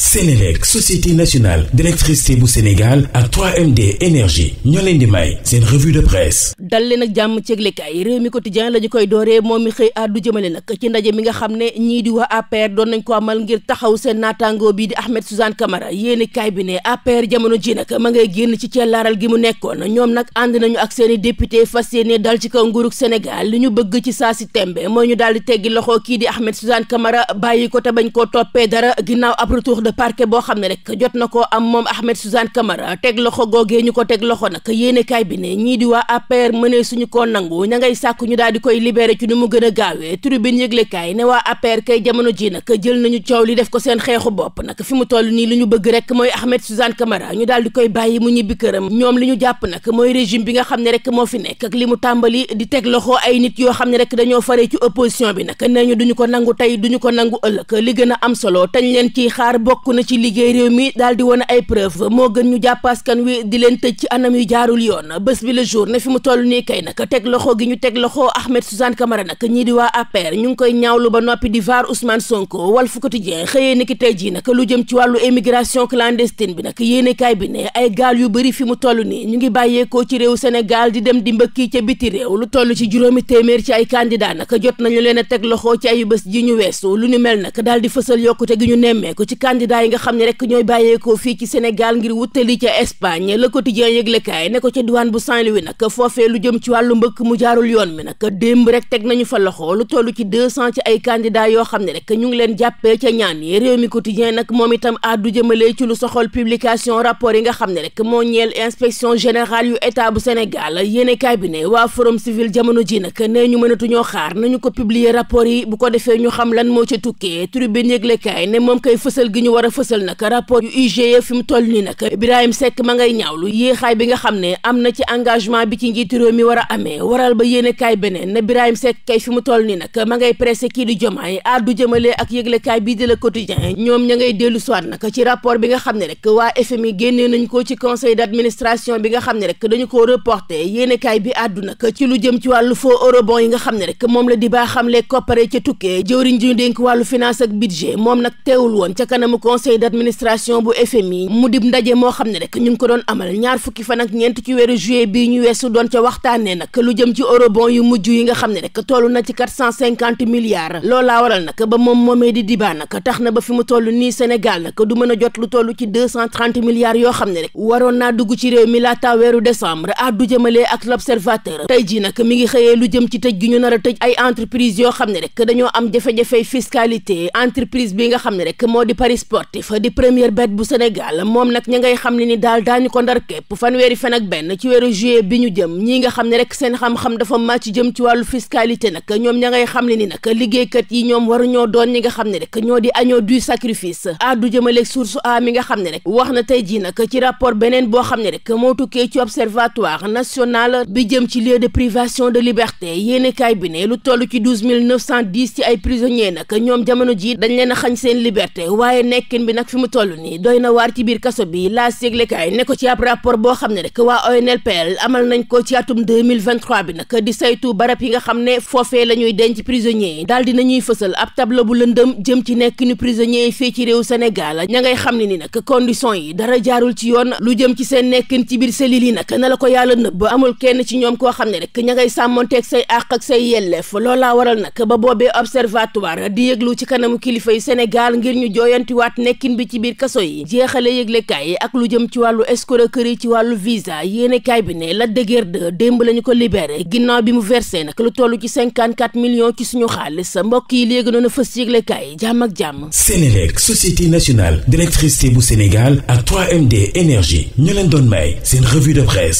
Sénélec société nationale d'électricité bu Sénégal ak m md énergie ñoo leen di may seen revue de presse dal leen ak jàmm ci yëglekaay réew mi quotidien la ñu koy dooree moom mi xëy àddu jëmale nag ci ndaje mi nga xam ne ñii di waa APR doon nañ ko amal ngir taxaw seen naataango bii di Ahmed Suzanne Camara yéeni kaay bi ne APR jamono ji nag ma ngay génn ci cellaaral gi mu nekkoon na ñoom nag ànd nañu ak seen i député fas yéene dal ci kaw nguurug Sénégal li ñu bëgg ci saa si tembe mooy ñu daal di teggi loxo kii di Ahmed Suzanne Camara bàyyi ko te bañ koo toppee de parquet boo xam ne rek jot na ko am moom Ahmed Suzanne Camara teg loxo googee ñu ko teg loxo nag yéenekaay bi ne ñii di waa APR mënee suñu koo nangu ña ngay sàkk ñu daal di koy libéré ci nu mu gën a gaawee tribune yëglekaay ne waa APR kay jamono ji nag jël nañu coow li def ko seen xeexu bopp nag fi mu toll nii li ñu bëgg rek mooy Ahmed Suzanne Camara ñu daal di bàyyi mu ñibbi këram ñoom li ñu jàpp nag mooy régime bi nga xam ne rek moo fi nekk ak li mu tàmbali di teg loxo ay nit yoo xam ne rek dañoo fare ci opposition bi nag nee ñu duñu ko nangu tey duñu ko nangu ëllëg li gën a am solo tañ leen ciy xaar bokk bokk na ci liggéey réew mi di wane ay preuve moo gën ñu jàpp askan wi di leen tëj ci anam yu jaarul yoon bés bi le jour ne fi mu toll nii kay nag teg loxo gi ñu teg loxo Ahmed Suzanne Camara nag ñii di waa APR ñu ngi koy ñaawlu ba noppi di vaar Ousmane Sonko Walf Quotidien xëyee ni ki tey jii nag lu jëm ci wàllu émigration clandestine bi nag yéenekaay bi ne ay gaal yu bëri fi mu toll nii ñu ngi bàyyeekoo ci réew Sénégal di dem di mbëkki ca biti réew lu toll ci juróomi téeméer ci ay candidat nag jot nañu leen a teg loxo ci ay bés ji ñu weesu lu ñu mel nag daal di fësal yokkute gi ñu nemmeeku ci candidat candidat yi nga xam ne rek ñooy bàyyeekoo fii ci Sénégal ngir wutali ca Espagne le quotidien yëglekaay ne ko ca diwaan bu Saint-Louis nag foofee lu jëm lu ci deux cent ci ay candidat yoo xam ne rek ñu ngi leen jàppee ca ñaan yi réew mi quotidien nag moom itam àddu jëmale ci lu soxol publication rapport yi nga xam ne rek moo ñeel inspection générale yu état bu Sénégal yéene cabinet waa forum civil jamono ji nag nee ñu mënatu ñoo xaar nañu ko publier rapport yi bu ko defee ñu xam lan moo ca tukkee tribune yëglekaay ne moom kay fësal gi ñu war a e bi nga xam ne a amee bi nga xam waa FMI génnee nañ ko ci conseil d'administration bi nga xam ne rek dañu ko reporté yéenekaay bi àddu nag ci lu jëm ci wàllu faux eurobond yi nga xam ne rek moom la di baa xamle koppare ca tukkee jëwriñ ji dénk wàllu finance ak budget moom nag teewul woon ca kanamu conseil d' administration bu FMI mu dib ndaje moo xam ne rek ñu ngi ko doon amal ñaar fukki fan ak ñeent ci weeru juillet bi ñu weesu doon ca waxtaanee nag lu jëm ci eurobond yu mujj yi nga xam ne rek toll na ci quatre cent cinquante milliards loolaa waral nag ba moom moomee di dibaa nag tax na ba fi mu toll nii Sénégal nag du mën a jot lu toll ci deux cent trente milliards yoo xam ne rek waroon naa dugg ci réew mi laata weeru décembre àddu jëmale ak l' observateur tey jii nag mi ngi xëyee lu jëm ci tëj gi ñu nar a tëj ay entreprise yoo xam ne rek dañoo am jafe-jafey fiscalité entreprise bi nga xam ne rek moo di Paris sportif di première bet bu Sénégal moom nag ña ngay xam ne ni daal daañu ko ndar képp fanweeri fan ak benn ci weeru juillet bi ñu jëm ñii nga xam ne rek seen xam-xam dafa màcc jëm ci wàllu fiscalité nag ñoom ña ngay xam ne ni nag liggéeykat yi ñoom waruñoo doon ñi nga xam ne rek ñoo di agneau du sacrifice addu jëmaleeg source a mi nga xam ne rek wax na tey jii nag ci rapport beneen boo xam ne rek moo tukkee ci observatoire national bi jëm ci lieu de privation de liberté yéenekaay bi ne lu toll ci douze mille neuf cent dix ci ay prisonniers nag ñoom jamono jii dañ leen a xañ seen liberté nekkin bi nag fi mu toll nii doy na waar ci biir kaso bi laa séglekaay ne ko ci ab rapport boo xam ne rek waa ONLPL amal nañ ko ci atum 2023 bi nag di saytu barab yi nga xam ne foofee la ñuy denc prisonniers yi daal di nañuy ab tableau bu ci nekkinu prisonniers yi fii ci ña ngay xam ne ni nag conditions yi dara jaarul ci yoon lu jëm ci seen nekkin ci biir selil yi nag la ko yàlla nëbb amul kenn ci ñoom koo xam ne rek ña ngay sàmmonteeg say àq ak say yelleef loolaa waral nag ba boobee observatoire di yëglu ci kanamu kilifa yi Sénégal ngir ñu jooyantiwaat ñëwaat nekkin bi ci biir kaso yi jeexale yëglekaay yi ak lu jëm ci wàllu escroquerie ci wàllu visa yéenekaay bi ne la de Guiers 2 démb lañu ko libere ginnaaw bi mu versé nag lu toll ci cinquante quatre millions ci suñu xaalis mbokk yi léegi noonu fës yëglekaay yi jàmm ak jàmm. Sénélec société nationale d'électricité bu Sénégal ak 3MD énergie ñu leen doon may seen revue de presse.